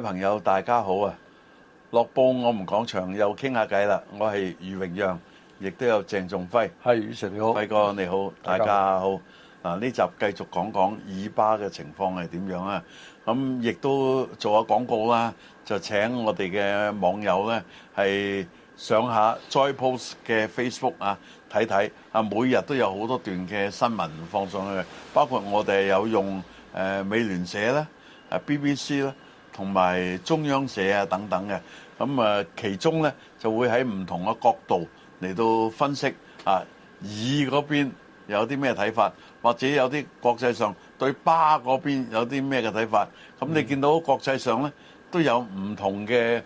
朋友大家好啊！《樂報》我哋講場，又傾下偈啦。我係余榮讓，亦都有鄭仲輝。係余 Sir 你好，輝哥你好，大家好。嗱呢集繼續講講以巴嘅情況係點樣啊？咁亦都做下廣告啦，就請我哋嘅網友咧係上下 Joypost 嘅 Facebook 啊睇睇啊，每日都有好多段嘅新聞放上去，包括我哋有用誒美聯社咧，誒 BBC 咧。同埋中央社啊等等嘅，咁啊其中咧就會喺唔同嘅角度嚟到分析啊，以嗰邊有啲咩睇法，或者有啲國際上對巴嗰邊有啲咩嘅睇法，咁你見到國際上咧都有唔同嘅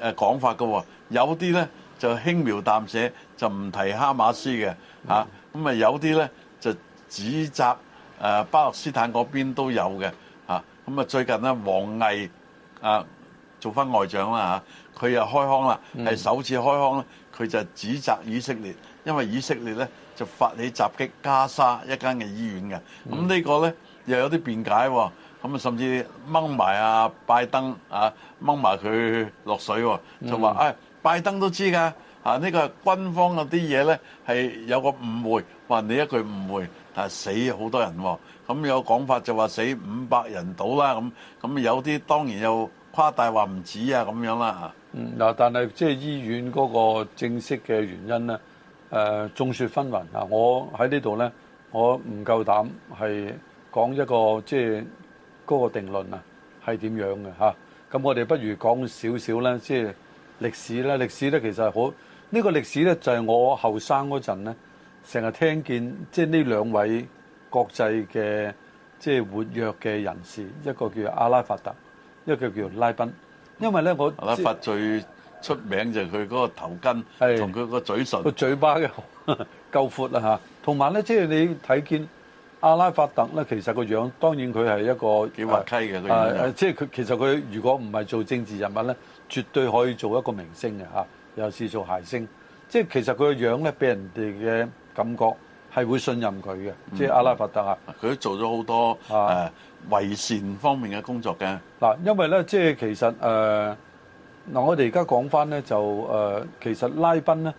誒講法嘅喎，有啲咧就輕描淡寫就唔提哈馬斯嘅嚇，咁啊有啲咧就指責誒巴勒斯坦嗰邊都有嘅嚇，咁啊最近咧王毅。啊，做翻外長啦嚇，佢又開腔啦，係、嗯、首次開腔咧，佢就指責以色列，因為以色列咧就發起襲擊加沙一間嘅醫院嘅，咁、嗯、呢個咧又有啲辯解喎、哦，咁啊甚至掹埋阿拜登啊，掹埋佢落水喎、哦，就話啊、嗯哎、拜登都知噶嚇呢個係軍方嗰啲嘢咧係有個誤會，話你一句誤會。但係死好多人喎、哦，咁有講法就話死五百人到啦咁，咁有啲當然又誇大話唔止啊咁樣啦。嗯，嗱，但係即係醫院嗰個正式嘅原因咧，誒、呃、眾說紛紜啊！我喺呢度咧，我唔夠膽係講一個即係嗰個定論啊，係點樣嘅，咁我哋不如講少少呢，即、就、係、是、歷史咧，歷史咧其實係好呢個歷史咧，就係、是、我後生嗰陣咧。成日聽見即係呢兩位國際嘅即係活躍嘅人士，一個叫阿拉法特，一個叫拉賓。因為咧，我阿拉法最出名就係佢嗰個頭巾同佢個嘴唇，個嘴巴嘅夠闊啦、啊、嚇。同埋咧，即係你睇見阿拉法特咧，其實個樣當然佢係一個幾滑稽嘅、呃，即係佢其實佢如果唔係做政治人物咧，絕對可以做一個明星嘅嚇，尤其是做諧星。即係其實佢個樣咧，俾人哋嘅。感覺係會信任佢嘅、嗯，即係阿拉法特啊。佢都做咗好多誒為善方面嘅工作嘅嗱。因為咧，即係其實誒嗱、呃，我哋而家講返咧，就誒、呃、其實拉賓咧，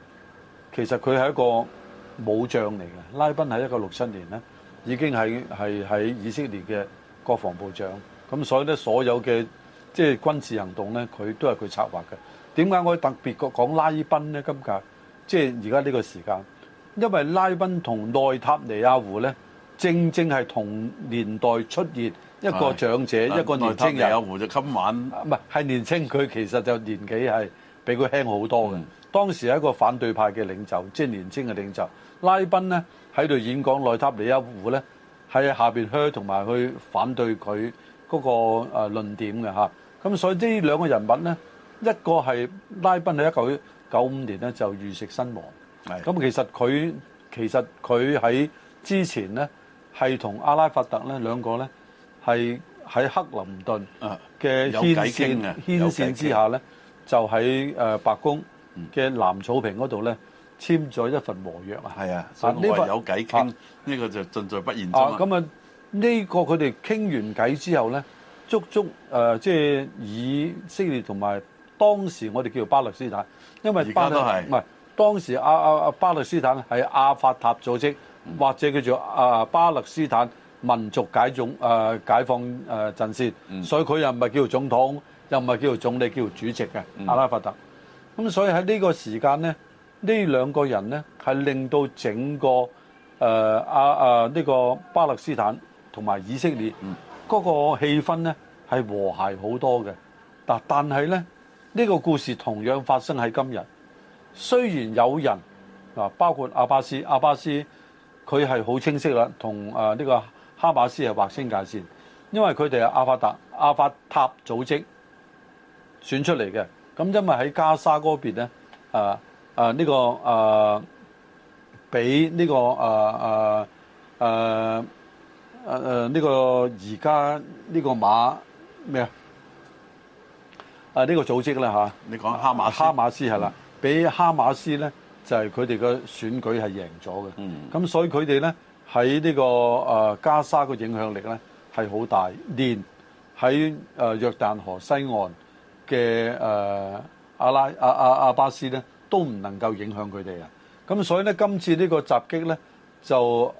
其實佢係一個武將嚟嘅。拉賓喺一九六七年咧，已經係係喺以色列嘅國防部長，咁所以咧，所有嘅即係軍事行動咧，佢都係佢策劃嘅。點解我特別講講拉賓咧？今屆即係而家呢個時間。因為拉賓同內塔尼亞胡咧，正正係同年代出現一個長者，一個年輕人。內塔尼亞胡就今晚唔係係年輕，佢其實就年紀係比佢輕好多嘅、嗯。當時係一個反對派嘅領袖，即係年輕嘅領袖。拉賓咧喺度演講，內塔尼亞胡咧喺下邊噓同埋去反對佢嗰個誒論點嘅嚇。咁所以呢兩個人物咧，一個係拉賓喺一九九五年咧就遇刺身亡。咁其實佢其實佢喺之前咧係同阿拉法特咧兩個咧係喺克林頓嘅牽線牽線之下咧，就喺誒白宮嘅藍草坪嗰度咧簽咗一份和約啦。係啊，所以有偈傾，呢、啊呢個就盡在不言中咁啊，呢個佢哋傾完偈之後咧，足足誒即係以色列同埋當時我哋叫做巴勒斯坦，因為巴，而家都係唔係？當時阿阿阿巴勒斯坦係阿法塔組織，嗯、或者叫做阿巴勒斯坦民族解種誒解放誒陣線，所以佢又唔係叫做總統，又唔係叫做總理，叫做主席嘅、嗯、阿拉法特。咁所以喺呢個時間咧，呢兩個人咧係令到整個誒阿阿呢個巴勒斯坦同埋以色列嗰、嗯那個氣氛咧係和諧好多嘅。嗱，但係咧呢、呢個故事同樣發生喺今日。雖然有人啊，包括阿巴斯，阿巴斯佢係好清晰啦，同呢個哈馬斯係劃清界線，因為佢哋係阿法達、阿法塔組織選出嚟嘅。咁因為喺加沙嗰邊咧，誒誒呢個誒，俾、啊、呢、呢個誒誒誒誒呢個而家呢個馬咩啊？誒、呢、呢個組織啦嚇、啊，你講哈馬哈馬斯係啦。俾哈馬斯咧，就係佢哋嘅選舉係贏咗嘅。咁、嗯、所以佢哋咧喺呢個、這個誒、呃、加沙嘅影響力咧係好大，連喺誒、呃、約旦河西岸嘅誒、呃、阿拉阿阿、啊、阿巴斯咧都唔能夠影響佢哋啊。咁所以咧，今次呢個襲擊咧就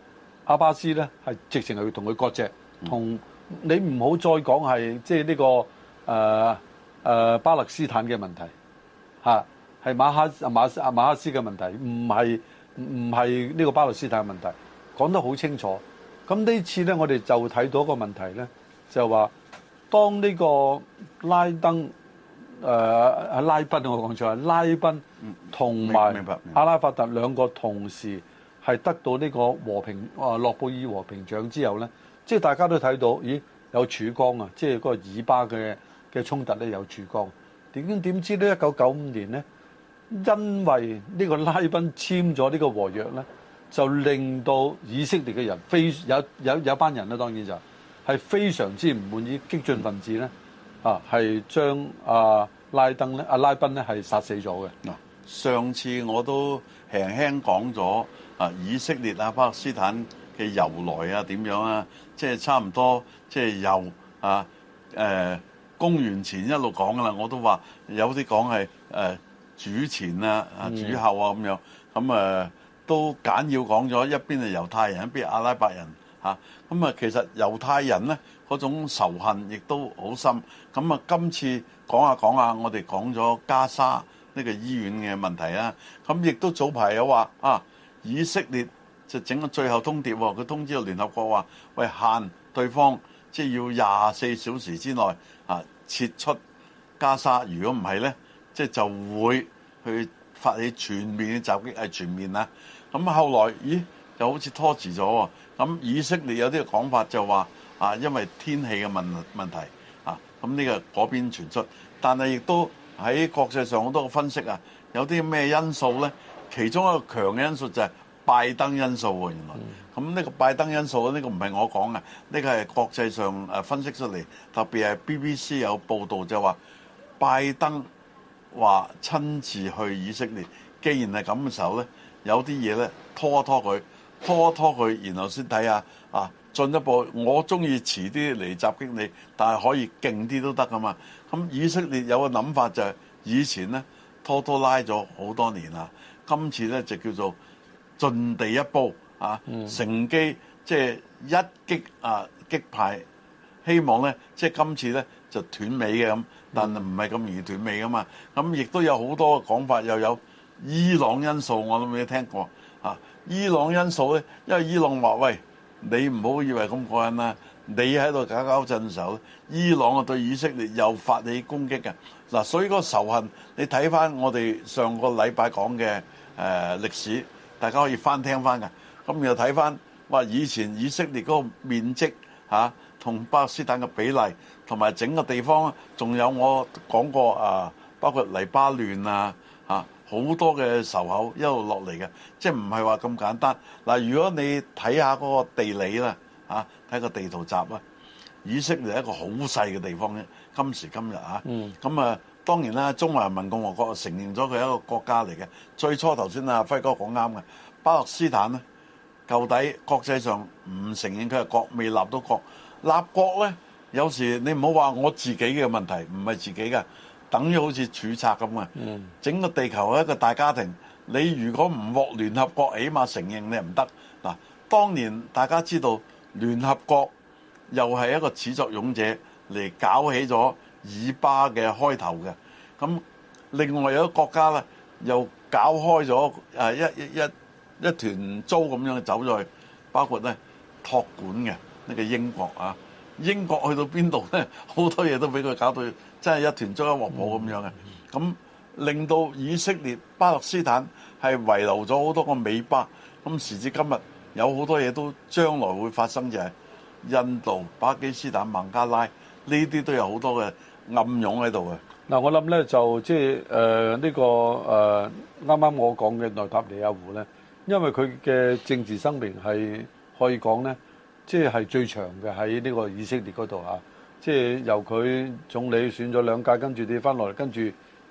阿巴斯咧係直情係要同佢割席，同、嗯、你唔好再講係即係呢個誒誒、呃呃、巴勒斯坦嘅問題嚇。啊係哈馬斯、哈馬斯嘅問題，唔係唔係呢個巴勒斯坦嘅問題，講得好清楚。咁呢次呢，我哋就睇到一個問題呢就話當呢個拉登誒阿、呃、拉賓，我講錯，拉賓同埋阿拉法特兩個同時係得到呢個和平啊諾貝爾和平獎之後呢即係大家都睇到，咦有曙光啊！即係嗰個以巴嘅嘅衝突呢有曙光。點點知呢，一九九五年呢。.因為呢個拉賓簽咗呢個和約呢，就令到以色列嘅人非有有有，有班人啦，當然就係、是、非常之唔滿意激進分子呢啊，係將拉登阿、啊、拉賓呢係殺死咗嘅。上次我都輕輕講咗啊，以色列啊、巴勒斯坦嘅由來啊點樣啊，即、就、係、是、差唔多即係、就是、由啊、呃、公元前一路講噶啦，我都話有啲講係主前啊，啊主後啊咁樣，咁、嗯、啊、嗯嗯，都簡要講咗一邊係猶太人，一邊係阿拉伯人嚇，咁啊、嗯、其實猶太人咧嗰種仇恨亦都好深，咁、嗯、啊今次講下講下，我哋講咗加沙呢個醫院嘅問題啊，咁亦都早排有話啊，以色列就整個最後通牒，佢通知聯合國話喂，限對方即係要廿四小時之內啊撤出加沙，如果唔係咧，即係就會。去發起全面嘅襲擊，係全面啦。咁後來，咦，又好似拖遲咗喎。咁以色列有啲講法就話啊，因為天氣嘅問問題啊，咁呢個嗰邊傳出，但係亦都喺國際上好多嘅分析啊，有啲咩因素咧？其中一個強嘅因素就係拜登因素喎。原來咁呢個拜登因素呢個唔係我講嘅，呢個係國際上誒分析出嚟，特別係 BBC 有報導就話拜登。話親自去以色列，既然係咁嘅時候咧，有啲嘢咧拖一拖佢，拖一拖佢，然後先睇下啊，進一步，我中意遲啲嚟襲擊你，但係可以勁啲都得噶嘛。咁以色列有個諗法就係、是、以前咧拖拖拉咗好多年啦，今次咧就叫做盡地一鋪啊，嗯、乘機即係一擊啊擊敗，希望咧即係今次咧。就斷尾嘅咁，但唔係咁容易斷尾噶嘛。咁亦都有好多講法，又有伊朗因素，我都未聽過啊！伊朗因素咧，因為伊朗話：喂，你唔好以為咁過癮啦，你喺度搞搞震手，伊朗啊對以色列又發起攻擊嘅嗱。所以個仇恨，你睇翻我哋上個禮拜講嘅誒歷史，大家可以翻聽翻㗎。咁又睇翻話以前以色列嗰個面積嚇同巴基斯坦嘅比例。同埋整個地方，仲有我講過啊，包括黎巴嫩啊，好多嘅仇口一路落嚟嘅，即係唔係話咁簡單嗱？如果你睇下嗰個地理啦，嚇睇個地圖集啊，以色列係一個好細嘅地方，今時今日啊。咁啊，當然啦，中華人民共和國承認咗佢係一個國家嚟嘅。最初頭先啊，輝哥講啱嘅，巴勒斯坦呢，舊底國際上唔承認佢係國，未立到國，立國咧。有時你唔好話我自己嘅問題，唔係自己嘅，等於好似儲蓄咁啊！整個地球係一個大家庭，你如果唔獲聯合國起碼承認，你唔得嗱。當年大家知道聯合國又係一個始作俑者嚟搞起咗以巴嘅開頭嘅，咁另外有一個國家咧又搞開咗誒一一一團糟咁樣走咗去，包括咧託管嘅呢個英國啊。英國去到邊度咧？好多嘢都俾佢搞到真係一團糟一鍋糊咁樣嘅，咁令到以色列巴勒斯坦係遺留咗好多個尾巴。咁時至今日，有好多嘢都將來會發生，就係印度、巴基斯坦、孟加拉呢啲都有好多嘅暗湧喺度嘅。嗱，我諗咧就即係誒呢個誒啱啱我講嘅內塔尼亞胡咧，因為佢嘅政治生命係可以講咧。即、就、係、是、最長嘅喺呢個以色列嗰度啊！即係由佢總理選咗兩屆，跟住跌翻落嚟，跟住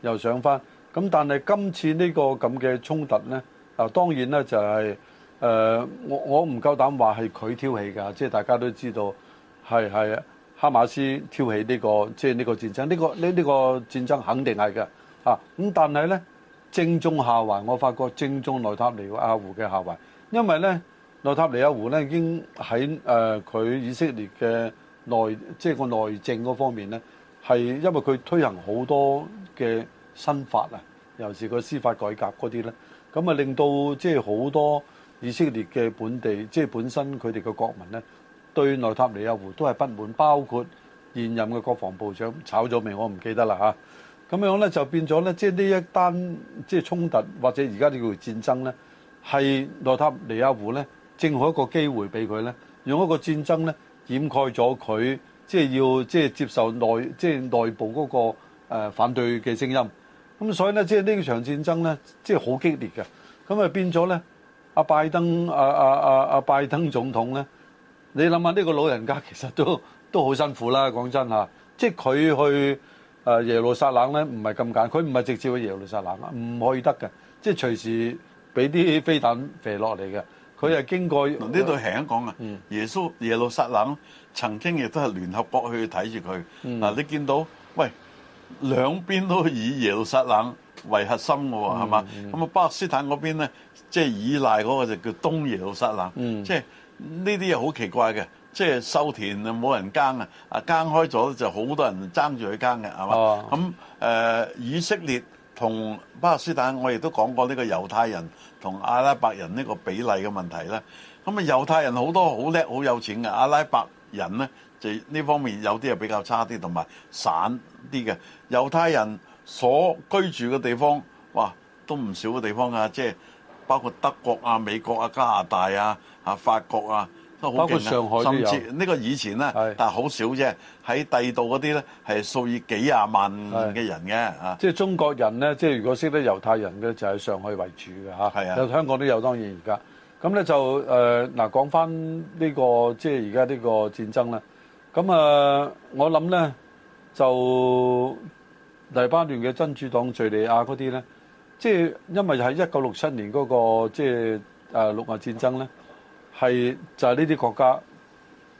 又上翻。咁但係今次呢個咁嘅衝突呢，啊當然呢就係誒、呃、我我唔夠膽話係佢挑起㗎，即係大家都知道係係啊哈馬斯挑起呢個即係呢個戰爭，呢個呢呢個,個戰爭肯定係嘅嚇。咁但係呢，正中下懷，我發覺正中內塔尼亞胡嘅下懷，因為呢。內塔尼亞胡咧，已經喺誒佢以色列嘅內，即係個內政嗰方面咧，係因為佢推行好多嘅新法啊，尤其個司法改革嗰啲咧，咁啊令到即係好多以色列嘅本地，即係本身佢哋嘅國民咧，對內塔尼亞胡都係不滿，包括現任嘅國防部長炒咗未？我唔記得啦嚇。咁樣咧就變咗咧，即係呢一單即係衝突，或者而家你叫戰爭咧，係內塔尼亞胡咧。正好一個機會俾佢咧，用一個戰爭咧掩蓋咗佢，即係要即係接受內即係內部嗰個誒反對嘅聲音。咁所以咧，即係呢場戰爭咧，即係好激烈嘅。咁啊變咗咧，阿拜登阿阿阿阿拜登總統咧，你諗下呢個老人家其實都都好辛苦啦。講真嚇，即係佢去誒耶路撒冷咧，唔係咁簡單。佢唔係直接去耶路撒冷啊，唔可以得嘅。即係隨時俾啲飛彈射落嚟嘅。佢就經過呢度係一講啊！耶穌耶路撒冷曾經亦都係聯合國去睇住佢嗱，你見到喂兩邊都以耶路撒冷為核心嘅喎，係、嗯、嘛？咁啊、嗯、巴勒斯坦嗰邊咧，即、就、係、是、依賴嗰個就叫東耶路撒冷，即係呢啲嘢好奇怪嘅，即、就、係、是、收田啊冇人耕啊，耕開咗就好多人爭住去耕嘅，係嘛？咁、啊、誒、呃、以色列同巴勒斯坦，我亦都講過呢個猶太人。同阿拉伯人呢個比例嘅問題呢，咁啊，猶太人好多好叻好有錢嘅，阿拉伯人呢，就呢方面有啲係比較差啲，同埋散啲嘅。猶太人所居住嘅地方，哇，都唔少嘅地方啊，即係包括德國啊、美國啊、加拿大啊、啊法國啊。包括上海都有，甚至呢、這個以前咧，但係好少啫。喺帝道嗰啲咧，係數以幾廿萬嘅人嘅嚇。即係、就是、中國人咧，即係如果識得猶太人嘅，就係、是、上海為主嘅嚇。有香港都有，當然而家。咁咧就誒嗱、呃，講翻呢、這個即係而家呢個戰爭咧。咁啊，我諗咧就黎巴嫩嘅真主黨、敍利亞嗰啲咧，即係因為喺一九六七年嗰、那個即係誒六亞戰爭咧。係就係呢啲國家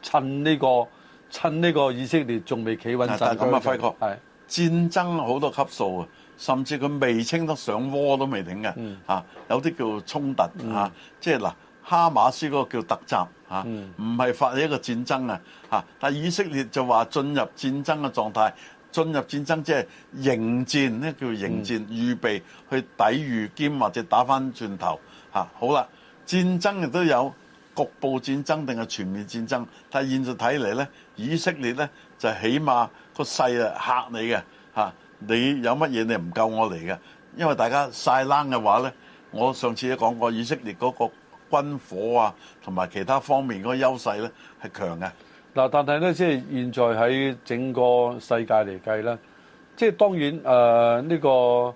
趁呢、呢個趁呢個以色列仲未企穩陣，係、就係、戰爭好多級數啊！甚至佢未稱得上窩都未定嘅，吓有啲叫衝突、啊嗯、即係嗱哈馬斯嗰個叫突襲唔係發一個戰爭啊，但係以色列就話進入戰爭嘅狀態，進入戰爭即係迎戰呢叫迎戰、嗯，預備去抵禦兼或者打翻轉頭、啊、好啦，戰爭亦都有。局部戰爭定係全面戰爭？但係現實睇嚟呢，以色列呢就起碼個勢啊嚇你嘅嚇，你有乜嘢你唔夠我嚟嘅？因為大家晒冷嘅話呢，我上次都講過以色列嗰個軍火啊，同埋其他方面嗰個優勢呢係強嘅。嗱，但係呢，即係現在喺整個世界嚟計啦，即係當然誒呢、呃這個誒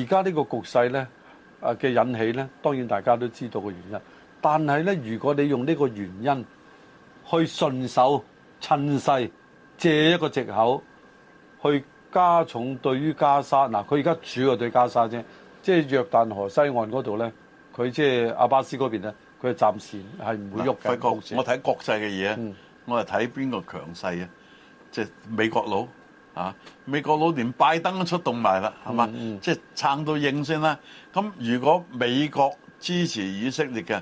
而家呢個局勢呢。啊嘅引起咧，當然大家都知道個原因。但係咧，如果你用呢個原因去順手趁勢借一個藉口去加重對於加沙嗱，佢而家主要對加沙啫，即係約旦河西岸嗰度咧，佢即係阿巴斯嗰邊咧，佢暫時係唔會喐嘅。我睇國際嘅嘢、嗯，我係睇邊個強勢啊？即係美國佬。啊！美國佬連拜登都出動埋啦，係嘛、嗯嗯？即係撐到應先啦。咁如果美國支持以色列嘅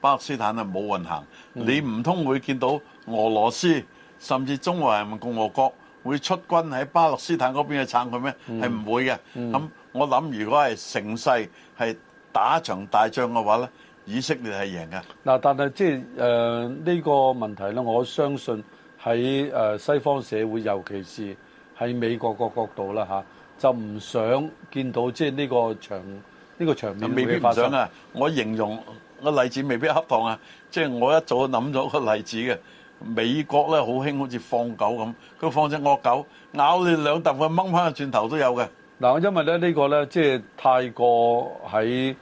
巴勒斯坦係冇運行，你唔通會見到俄羅斯甚至中華人民共和國會出軍喺巴勒斯坦嗰邊去撐佢咩？係、嗯、唔會嘅。咁、嗯、我諗，如果係勝世，係打一場大仗嘅話咧，以色列係贏嘅。嗱，但係即係誒呢個問題咧，我相信喺西方社會，尤其是～喺美國個角度啦嚇，就唔想見到即係呢個場呢、這個場面會發生啊！我形容個例子未必恰當啊，即、就、係、是、我一早諗咗個例子嘅。美國咧好興好似放狗咁，佢放隻惡狗咬你兩啖，佢掹翻個轉頭都有嘅。嗱，因為咧、這、呢個咧即係泰國喺，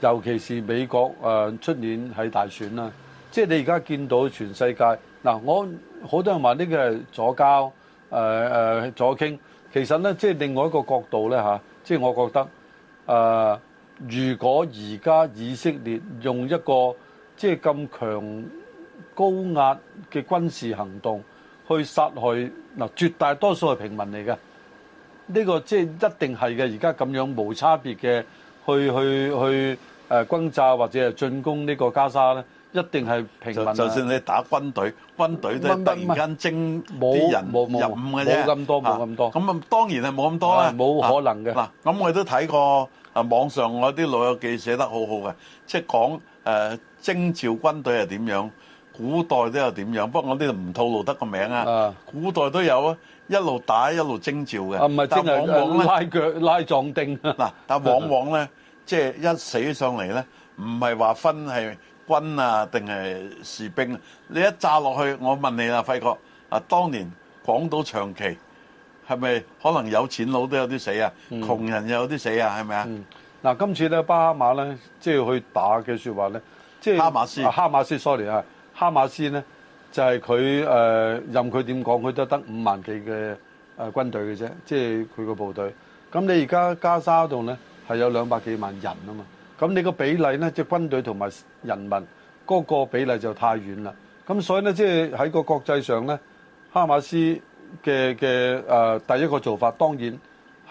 尤其是美國誒、呃、出年喺大選啦。即、就、係、是、你而家見到全世界嗱、呃，我好多人話呢個係左膠。誒、呃、誒、呃，左傾其實呢，即係另外一個角度呢。嚇、啊，即係我覺得誒、呃，如果而家以色列用一個即係咁強高壓嘅軍事行動去殺害嗱絕大多數係平民嚟嘅，呢、呢個即係一定係嘅。而家咁樣無差別嘅去去去誒轟炸或者係進攻呢個加沙呢。一定係平民啊！就就算你打軍隊，軍隊都突然間徵冇人入伍嘅啫，冇咁多，冇咁多。咁啊，當然係冇咁多啦，冇可能嘅。嗱，咁我亦都睇過啊，網上嗰啲老友記寫得好好嘅，即係講誒徵召軍隊係點樣，古代都係點樣。不過我呢度唔透露得個名啊。古代都有啊，一路打一路徵召嘅。啊，唔係，即係往往拉腳拉壯丁。嗱，但往往咧，即係一寫上嚟咧，唔係話分係。軍啊，定係士兵啊？你一炸落去，我問你啊，輝哥。啊，當年廣島長崎係咪可能有錢佬都有啲死啊？嗯、窮人又有啲死啊？係咪啊？嗱、嗯，今次咧，巴哈馬咧，即、就、係、是、去打嘅説話咧，即、就、係、是、哈馬斯。哈馬斯 sorry 啊，哈馬斯咧就係佢誒任佢點講，佢都得五萬幾嘅誒軍隊嘅啫，即係佢個部隊。咁你而家加沙度咧係有兩百幾萬人啊嘛。咁你個比例呢，即係軍隊同埋人民嗰個比例就太遠啦。咁所以呢，即係喺個國際上呢，哈馬斯嘅嘅誒第一個做法，當然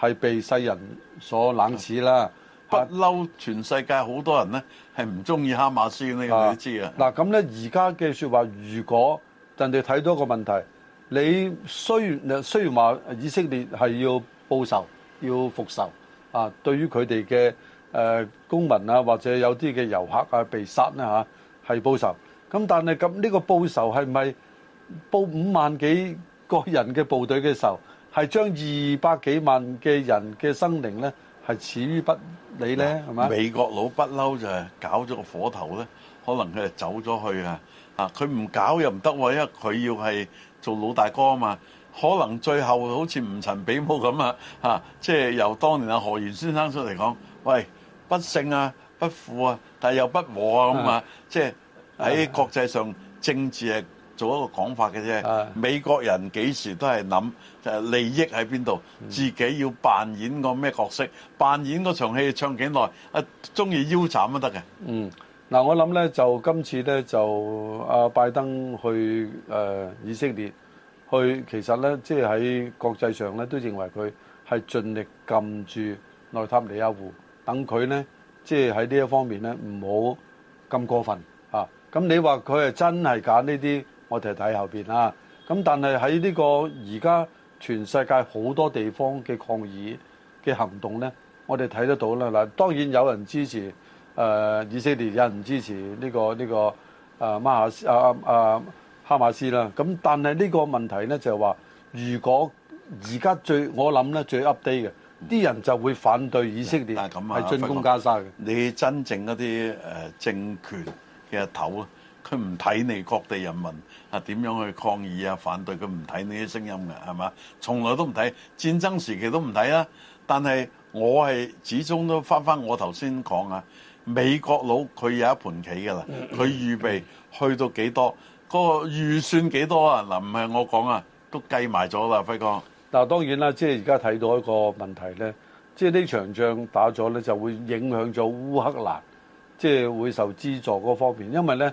係被世人所冷視啦。不、啊、嬲，啊、全世界好多人呢係唔中意哈馬斯呢個，你都知啊。嗱咁呢，而家嘅說話，如果人哋睇到個問題，你雖然雖然話以色列係要報仇、要復仇啊，對於佢哋嘅。誒、呃、公民啊，或者有啲嘅遊客啊，被殺啊係、啊、報仇。咁、啊、但係咁呢個報仇係咪報五萬幾個人嘅部隊嘅仇？係將二百幾萬嘅人嘅生靈咧，係恥於不理咧，係、啊、嘛？美國佬不嬲就係搞咗個火頭咧，可能佢係走咗去啊！啊，佢唔搞又唔得喎，因為佢要係做老大哥啊嘛。可能最後好似吳陳比武咁啊，啊！即係由當年阿何賢先生出嚟講，喂～不勝啊，不負啊，但係又不和咁啊，即係喺國際上政治係做一個講法嘅啫。美國人幾時都係諗誒利益喺邊度，自己要扮演個咩角色，扮演嗰場戲唱幾耐，啊，中意腰斬都得嘅。嗯，嗱，我諗咧就今次咧就阿拜登去誒以色列去，其實咧即係喺國際上咧都認為佢係盡力撳住內塔尼亞胡。等佢呢，即係喺呢一方面呢，唔好咁過分咁、啊啊、你話佢係真係揀呢啲，我哋睇後面、啊。啦、啊。咁但係喺呢個而家全世界好多地方嘅抗議嘅行動呢，我哋睇得到啦。嗱、啊，當然有人支持誒、啊、以色列，有人支持呢、這個呢、這個誒哈斯啊啊哈馬斯啦。咁、啊啊啊、但係呢個問題呢，就係、是、話，如果而家最我諗呢最 update 嘅。啲人就會反對以色列，係、啊、進攻加沙嘅。你真正嗰啲誒政權嘅頭啊，佢唔睇你各地人民啊，點樣去抗議啊反對，佢唔睇呢啲聲音嘅，係嘛？從來都唔睇，戰爭時期都唔睇啦。但係我係始終都翻翻我頭先講啊，美國佬佢有一盤棋㗎啦，佢預備去到幾多 個預算幾多啊？嗱，唔係我講啊，都計埋咗啦，輝哥。嗱，當然啦，即係而家睇到一個問題呢，即係呢場仗打咗呢，就會影響咗烏克蘭，即係會受資助嗰方面。因為呢，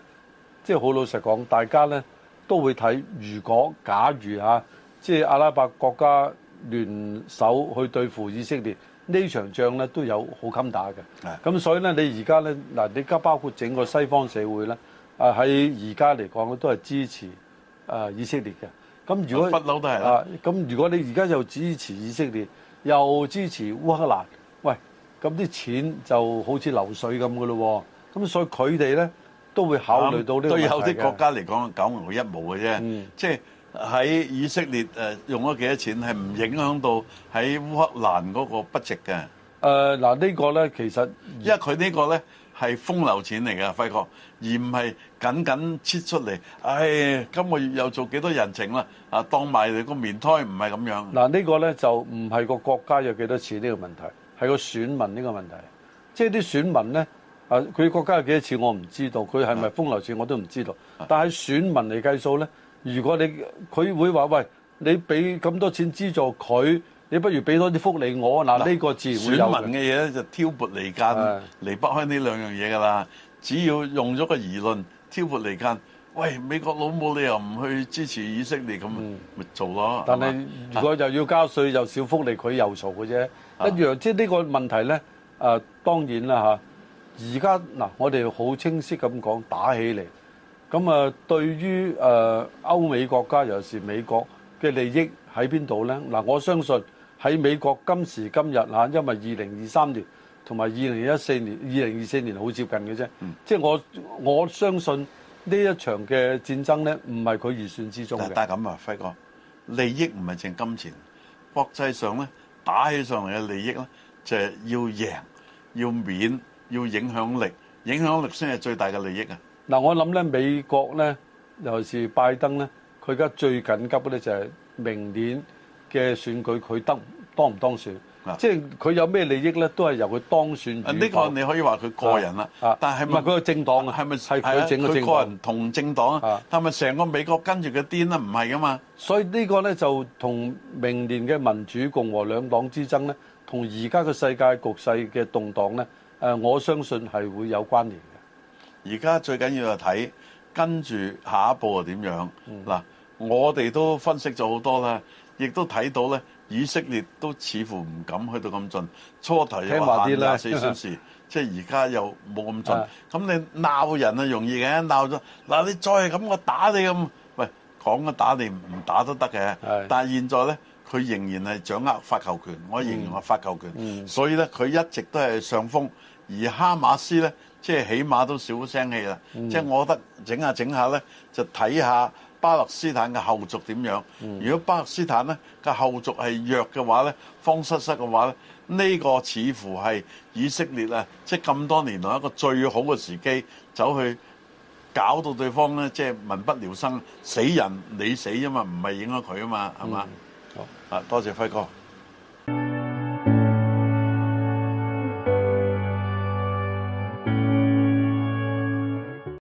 即係好老實講，大家呢都會睇，如果假如啊，即係阿拉伯國家聯手去對付以色列，呢場仗呢都有好襟打嘅。咁所以呢，你而家呢，嗱，而家包括整個西方社會呢，啊喺而家嚟講都係支持誒以色列嘅。咁如果不嬲都係啦，咁如果你而家又支持以色列，又支持烏克蘭，喂，咁啲錢就好似流水咁嘅咯。咁所以佢哋咧都會考慮到呢個對、嗯、有啲國家嚟講，九牛一毛嘅啫。即係喺以色列誒用咗幾多錢，係唔影響到喺烏克蘭嗰個不值嘅。誒、呃、嗱，這個、呢個咧其實，因為佢呢個咧。係風流錢嚟嘅，輝哥，而唔係僅僅切出嚟。唉，今個月又做幾多少人情啦？啊，當埋你個棉胎唔係咁樣。嗱，呢個咧就唔係個國家有幾多錢呢個問題，係個選民呢個問題。即係啲選民咧，啊，佢國家有幾多錢我唔知道，佢係咪風流錢我都唔知道。啊，但係選民嚟計數咧，如果你佢會話喂，你俾咁多錢資助佢。你不如俾多啲福利我。嗱，呢個字選民嘅嘢咧，就挑撥離間，離不開呢兩樣嘢噶啦。只要用咗個輿論挑撥離間，喂，美國佬冇理由唔去支持以色列，咁咪做咯？但係如果又要交稅又少福利，佢又嘈嘅啫。一樣即係呢個問題咧，誒當然啦嚇。而家嗱，我哋好清晰咁講，打起嚟咁，啊，對於誒歐美國家尤其是美國嘅利益喺邊度咧？嗱，我相信。喺美國今時今日嚇，因為二零二三年同埋二零一四年、二零二四年好接近嘅啫。即係我我相信呢一場嘅戰爭咧，唔係佢預算之中嘅。但係咁啊，輝哥，利益唔係淨金錢，國際上咧打起上嚟嘅利益咧，就係要贏、要面、要影響力，影響力先係最大嘅利益啊！嗱，我諗咧，美國咧，尤其是拜登咧，佢而家最緊急嘅咧就係明年嘅選舉，佢得當唔當選？啊、即係佢有咩利益咧？都係由佢當選。呢、啊啊呢個你可以話佢個人啦、啊啊。但係咪係佢個政黨係係咪係佢政個政黨？佢個人同政黨啊？係咪成個美國跟住佢癲啦？唔係噶嘛。所以個呢個咧就同明年嘅民主共和兩黨之爭咧，同而家嘅世界局勢嘅動盪咧、啊，我相信係會有關聯嘅。而家最緊要就睇跟住下一步係點樣？嗱、啊嗯，我哋都分析咗好多啦。亦都睇到咧，以色列都似乎唔敢去到咁盡，初頭又話限廿四小時，即係而家又冇咁盡。咁你鬧人啊容易嘅，鬧咗嗱你再係咁我打你咁，喂講嘅打你唔打都得嘅。但係現在咧，佢仍然係掌握發球權，我形容係發球權。嗯，所以咧，佢一直都係上風，而哈馬斯咧，即係起碼都少聲氣啦。即係我覺得整下整下咧，就睇下。巴勒斯坦嘅後續點樣？如果巴勒斯坦呢嘅後續係弱嘅話呢，慌失失嘅話咧，呢、這個似乎係以色列啊，即係咁多年來一個最好嘅時機，走去搞到對方呢，即係民不聊生，死人你死，吖嘛，唔係影響佢啊嘛，係、嗯、嘛？好啊，多謝輝哥。